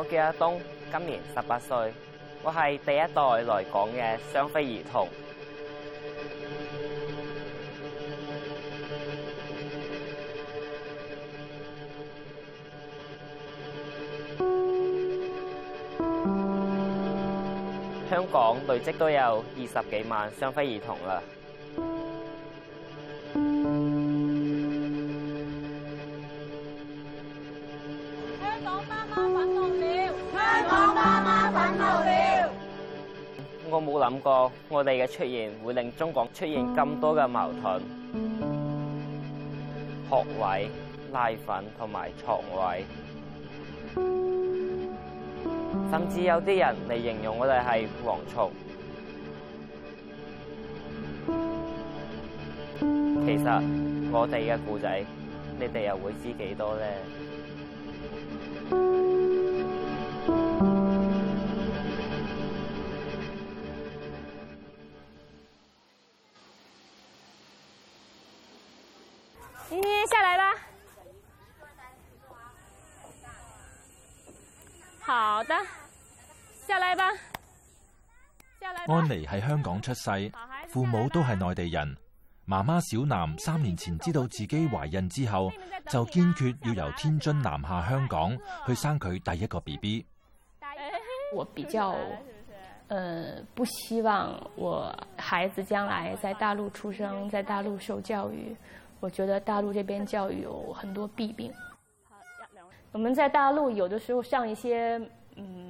我叫阿東，今年十八歲，我係第一代來港嘅雙非兒童。香港累積都有二十幾萬雙非兒童啦。感覺我哋嘅出現會令中國出現咁多嘅矛盾，學位、奶粉同埋床位，甚至有啲人嚟形容我哋係蝗蟲。其實我哋嘅故仔，你哋又會知幾多呢？安妮喺香港出世，父母都係內地人。媽媽小南三年前知道自己懷孕之後，就堅決要由天津南下香港去生佢第一個 BB。我比較，呃，不希望我孩子將來在大陸出生，在大陸受教育。我覺得大陸這邊教育有很多弊病。我們在大陸有的時候上一些，嗯。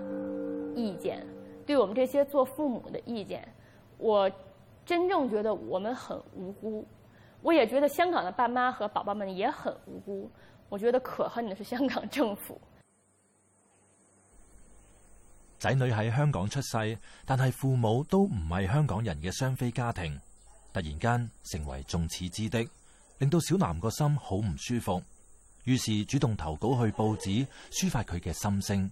意見，對我們這些做父母的意見，我真正覺得我們很無辜，我也覺得香港的爸媽和寶寶們也很無辜。我覺得可恨的是香港政府。仔女喺香港出世，但係父母都唔係香港人嘅雙非家庭，突然間成為眾矢之的，令到小南個心好唔舒服，於是主動投稿去報紙抒發佢嘅心聲。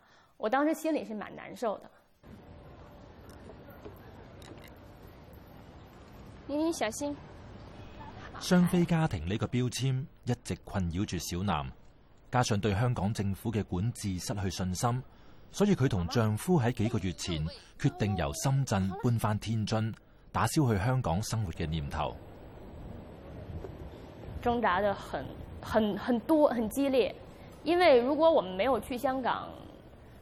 我當時心裏是蠻難受的。你小心。雙非家庭呢個標籤一直困擾住小男，加上對香港政府嘅管治失去信心，所以佢同丈夫喺幾個月前決定由深圳搬返天津，打消去香港生活嘅念頭。掙扎得很很很多，很激烈，因為如果我們沒有去香港。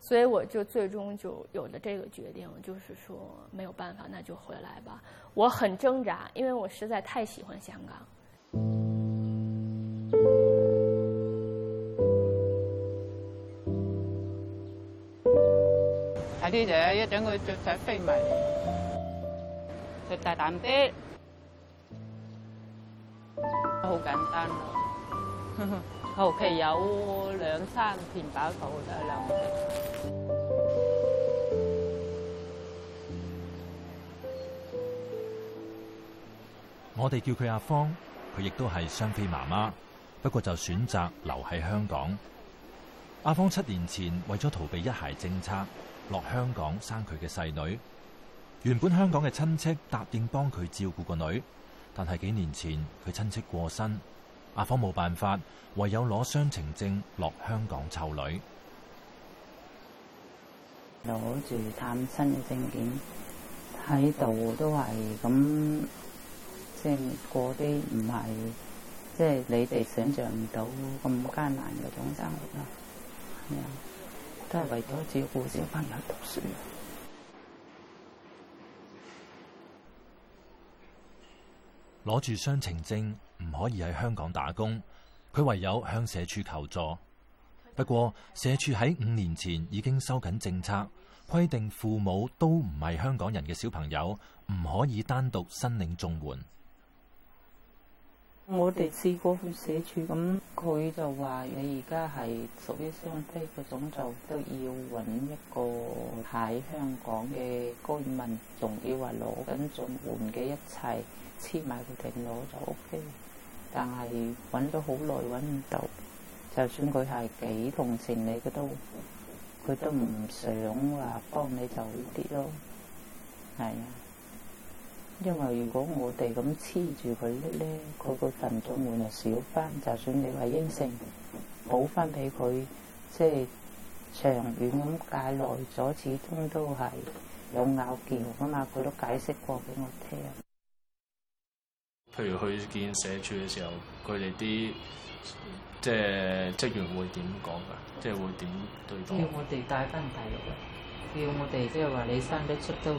所以我就最終就有了這個決定，就是說，沒有辦法，那就回來吧。我很掙扎，因為我實在太喜歡香港。睇啲嘢，一陣佢著晒飛埋，着大膽啲，好簡單哼、啊、哼 後期有兩三片飽肚，都有兩個。我哋叫佢阿芳，佢亦都係雙非媽媽，不過就選擇留喺香港。阿芳七年前為咗逃避一孩政策，落香港生佢嘅細女。原本香港嘅親戚答應幫佢照顧個女，但係幾年前佢親戚過身。阿芳冇辦法，唯有攞雙程證落香港湊女，攞住探親嘅證件喺度都係咁，即係過啲唔係，即係你哋想象唔到咁艱難嘅種生活啦，係啊，都係為咗照顧小朋友讀書。攞住雙程證唔可以喺香港打工，佢唯有向社署求助。不過社署喺五年前已經收緊政策，規定父母都唔係香港人嘅小朋友唔可以單獨申領綜援。我哋試過去社署，咁佢就話你而家係屬於雙非嗰種，就都要搵一個喺香港嘅居民，仲要話攞緊綜援嘅一切，黐埋佢哋攞就 OK。但係搵咗好耐，搵唔到。就算佢係幾同情你，佢都佢都唔想話幫你就呢啲咯，係啊。因為如果我哋咁黐住佢咧，佢個份數換又少翻。就算你話應承補翻俾佢，即係長遠咁戒耐咗，始終都係有拗撬噶嘛。佢都解釋過俾我聽。譬如去見社處嘅時候，佢哋啲即係職員會點講㗎？即係會點對待？叫我哋帶翻大陸呀，叫我哋即係話你生得出都。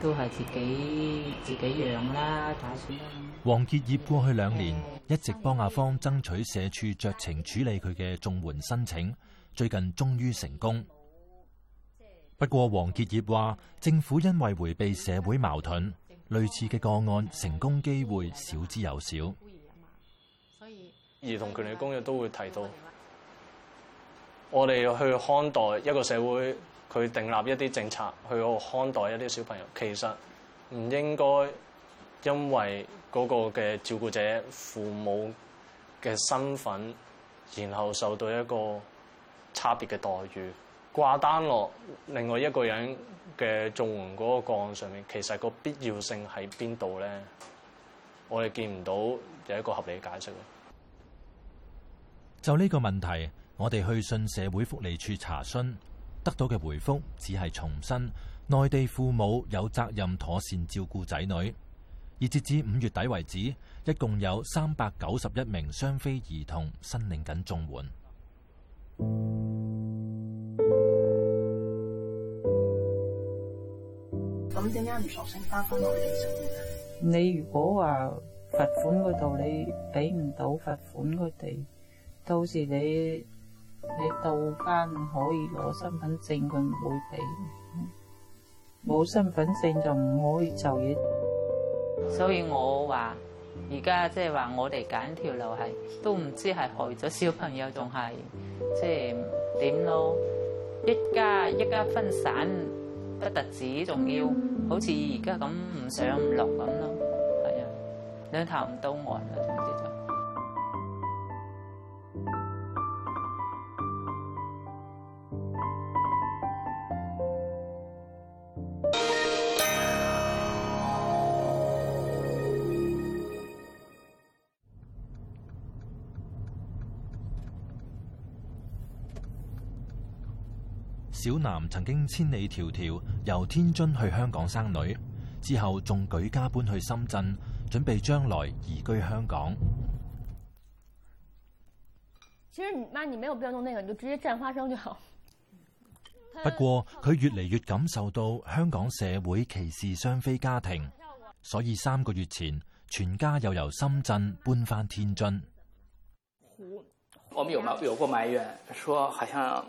都係自己自己養啦，打算。王杰業過去兩年一直幫阿芳爭取社署酌情處理佢嘅綜援申請，最近終於成功。不過王杰業話，政府因為回避社會矛盾，類似嘅個案成功機會少之又少。所以兒童權利公約都會提到，我哋去看待一個社會。佢訂立一啲政策去看待一啲小朋友，其實唔應該因為嗰個嘅照顧者父母嘅身份，然後受到一個差別嘅待遇，掛單落另外一個人嘅綜援嗰個個案上面，其實個必要性喺邊度咧？我哋見唔到有一個合理嘅解釋嘅。就呢個問題，我哋去信社會福利署查詢。得到嘅回覆只係重申，內地父母有責任妥善照顧仔女。而截至五月底為止，一共有三百九十一名雙非兒童申領緊綜援。咁點解唔索性翻翻內地？你如果話罰款嗰度，你俾唔到罰款，佢哋到時你。你到間可以攞身份證，佢唔會俾，冇身份證就唔可以就業。所以我話而家即係話我哋揀條路係，都唔知係害咗小朋友仲係即係點咯？一家一家分散，不特止仲要好似而家咁唔上唔落咁咯，係啊，你投唔到岸啊！小南曾經千里迢迢由天津去香港生女，之後仲舉家搬去深圳，準備將來移居香港。其實你媽，你沒有必要弄那個，你就直接蘸花生就好。不過佢越嚟越感受到香港社會歧視雙非家庭，所以三個月前全家又由深圳搬返天津。我們有有過埋怨，說好像。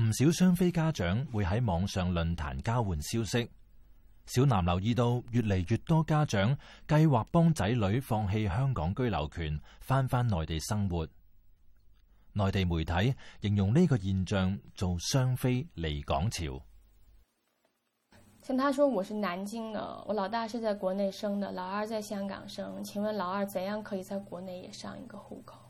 唔少雙非家長會喺網上論壇交換消息，小南留意到越嚟越多家長計劃幫仔女放棄香港居留權，翻翻內地生活。內地媒體形容呢個現象做“雙非離港潮”。像他說，我是南京的，我老大是在國內生的，老二在香港生。請問老二怎樣可以在國內也上一個戶口？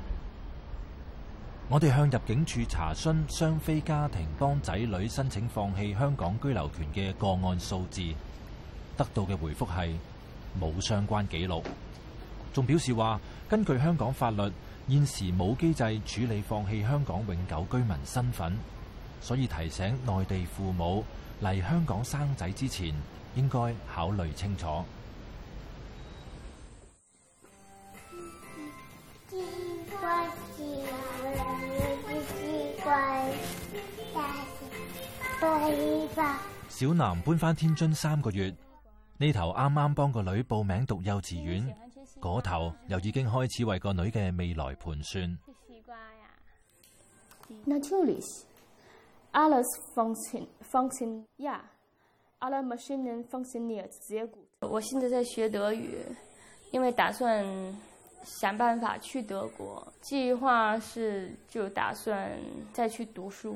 我哋向入境處查詢雙非家庭幫仔女申請放棄香港居留權嘅個案數字，得到嘅回覆係冇相關記錄，仲表示話根據香港法律，現時冇機制處理放棄香港永久居民身份，所以提醒內地父母嚟香港生仔之前應該考慮清楚。小南搬返天津三個月，呢頭啱啱幫個女報名讀幼稚園，嗰頭又已經開始為個女嘅未來盤算。我現在在學德語，因為打算想辦法去德國，計劃是就打算再去讀書。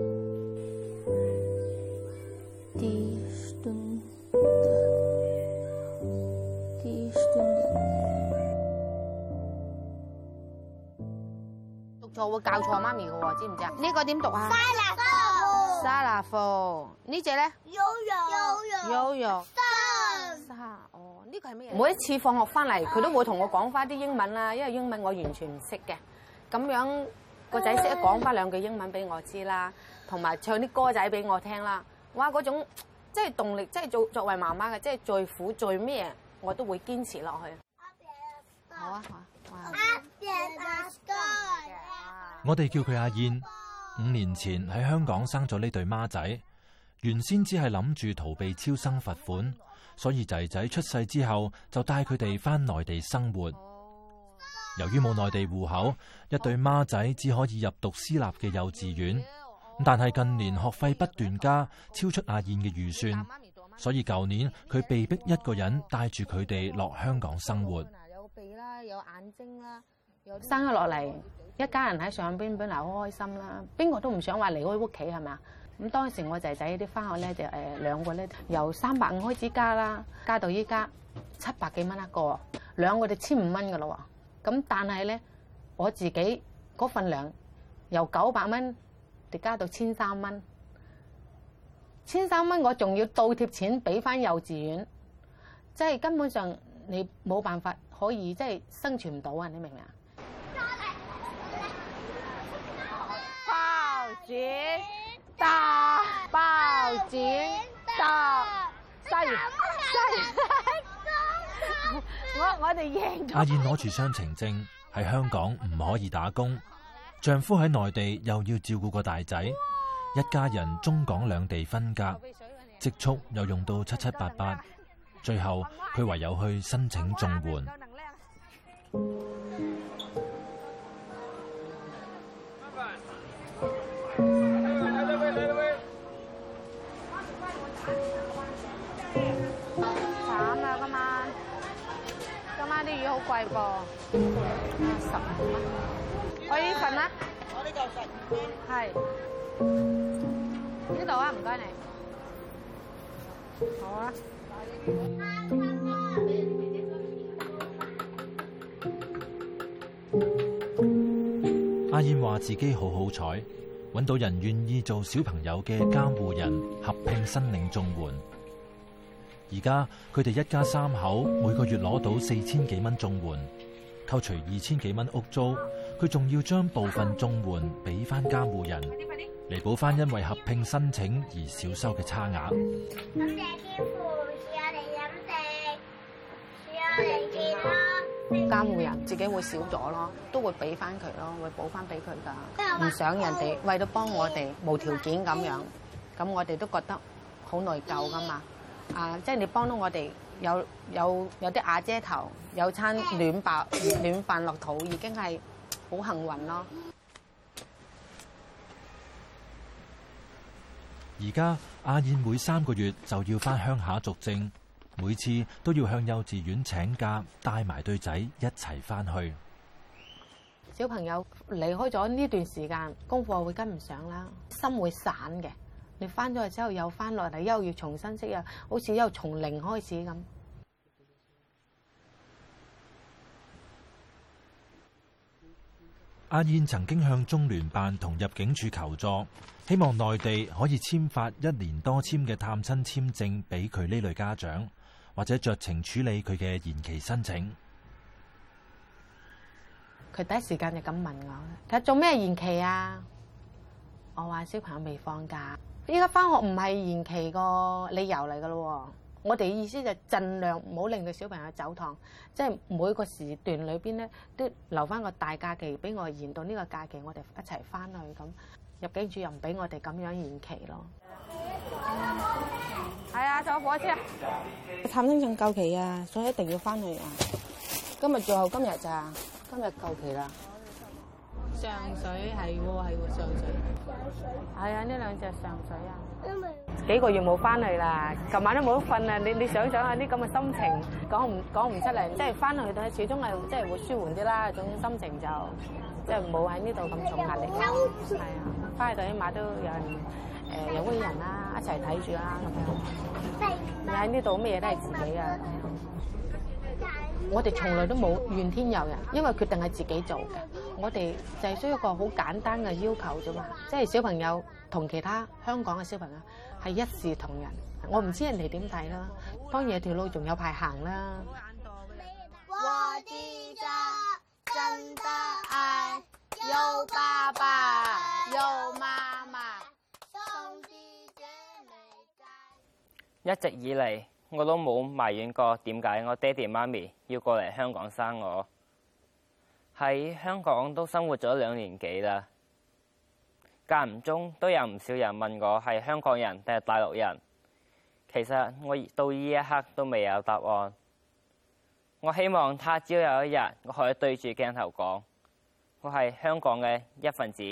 我會教錯媽咪嘅喎，知唔知啊？呢個點讀啊？莎娜芙。莎娜芙。呢隻咧？yo yo 泳。游泳。沙。沙。哦，呢個、呢 yo yo, yo yo. 哦、呢個係咩嘢，每一次放學翻嚟佢、哎、都會同我講翻啲英文啦、哎，因為英文我完全唔識嘅，咁樣個仔識得講翻兩句英文俾我知啦，同埋唱啲歌仔俾我聽啦。哇，嗰種即係動力，即係做作為媽媽嘅，即係最苦最咩，我都會堅持落去、啊。好啊好啊。Action，let's go。啊我哋叫佢阿燕，五年前喺香港生咗呢對孖仔，原先只係諗住逃避超生罰款，所以仔仔出世之後就帶佢哋返內地生活。由於冇內地戶口，一對孖仔只可以入讀私立嘅幼稚園。咁但係近年學費不斷加，超出阿燕嘅預算，所以舊年佢被逼一個人帶住佢哋落香港生活。嗱，有鼻啦，有眼睛啦。生咗落嚟，一家人喺上邊本來好開心啦。邊個都唔想話離開屋企，係咪啊？咁當時我仔仔啲翻學咧就誒，兩個咧由三百五開始加啦，加到依家七百幾蚊一個，兩個就千五蚊噶咯。咁但係咧我自己嗰份糧由九百蚊就加到千三蚊，千三蚊我仲要倒貼錢俾翻幼稚園，即係根本上你冇辦法可以即係生存唔到啊！你明唔明啊？警導我我哋贏阿燕攞住雙程證，喺香港唔可以打工，丈夫喺內地又要照顧個大仔，一家人中港兩地分隔，積蓄又用到七七八八，最後佢唯有去申請綜援。貴、這個是，十蚊。我呢份啦，我呢嚿份，係。呢度啊，唔該你。好啊。阿燕話自己好好彩，搵到人願意做小朋友嘅監護人，合併申領綜援。而家佢哋一家三口每個月攞到四千幾蚊綜援，扣除二千幾蚊屋租，佢仲要將部分綜援俾翻監護人，嚟補翻因為合拼申請而少收嘅差額。咁啲錢付我哋飲食，我哋其他監護人自己會少咗咯，都會俾翻佢咯，會補翻俾佢噶。唔想人哋為咗幫我哋無條件咁樣，咁我哋都覺得好內疚噶嘛。啊！即係你幫到我哋有有有啲瓦遮頭，有餐暖白暖飯落肚，已經係好幸運咯。而家阿燕每三個月就要翻鄉下續證，每次都要向幼稚園請假，帶埋對仔一齊翻去。小朋友離開咗呢段時間，功課會跟唔上啦，心會散嘅。你翻咗去之後又翻落嚟，又要重新識呀，好似又從零開始咁。阿燕曾經向中聯辦同入境處求助，希望內地可以簽發一年多簽嘅探親簽證俾佢呢類家長，或者酌情處理佢嘅延期申請。佢第一時間就咁問我：佢做咩延期啊？我話小朋友未放假。依家翻學唔係延期個理由嚟噶咯，我哋意思就盡量唔好令佢小朋友走堂，即係每個時段裏邊咧都留翻個大假期俾我延到呢個假期，我哋一齊翻去咁，入境處又唔俾我哋咁樣延期咯。係啊，坐火車。探親證夠期啊，所以一定要翻去啊！今日最後今日咋，今日夠期啦。上水係喎，係喎上水，係啊，呢兩隻上水啊，幾個月冇翻去啦，琴晚都冇得瞓啊。你你想想一下啲咁嘅心情，講唔講唔出嚟，即係翻去到，始終係即係會舒緩啲啦，種心情就即係唔好喺呢度咁重壓力，係啊，翻去到起碼都有人誒、呃、有屋企人啦，一齊睇住啦咁樣，你喺呢度咩嘢都係自己啊。我哋從來都冇怨天尤人，因為決定係自己做嘅。我哋就係需要一個好簡單嘅要求啫嘛，即係小朋友同其他香港嘅小朋友係一視同仁。我唔知人哋點睇啦，當然條路仲有排行啦。有爸爸，有媽媽。一直以嚟。我都冇埋怨過點解我爹哋媽咪要過嚟香港生我。喺香港都生活咗兩年幾啦，間唔中都有唔少人問我係香港人定係大陸人。其實我到呢一刻都未有答案。我希望他朝有一日，我可以對住鏡頭講，我係香港嘅一份子。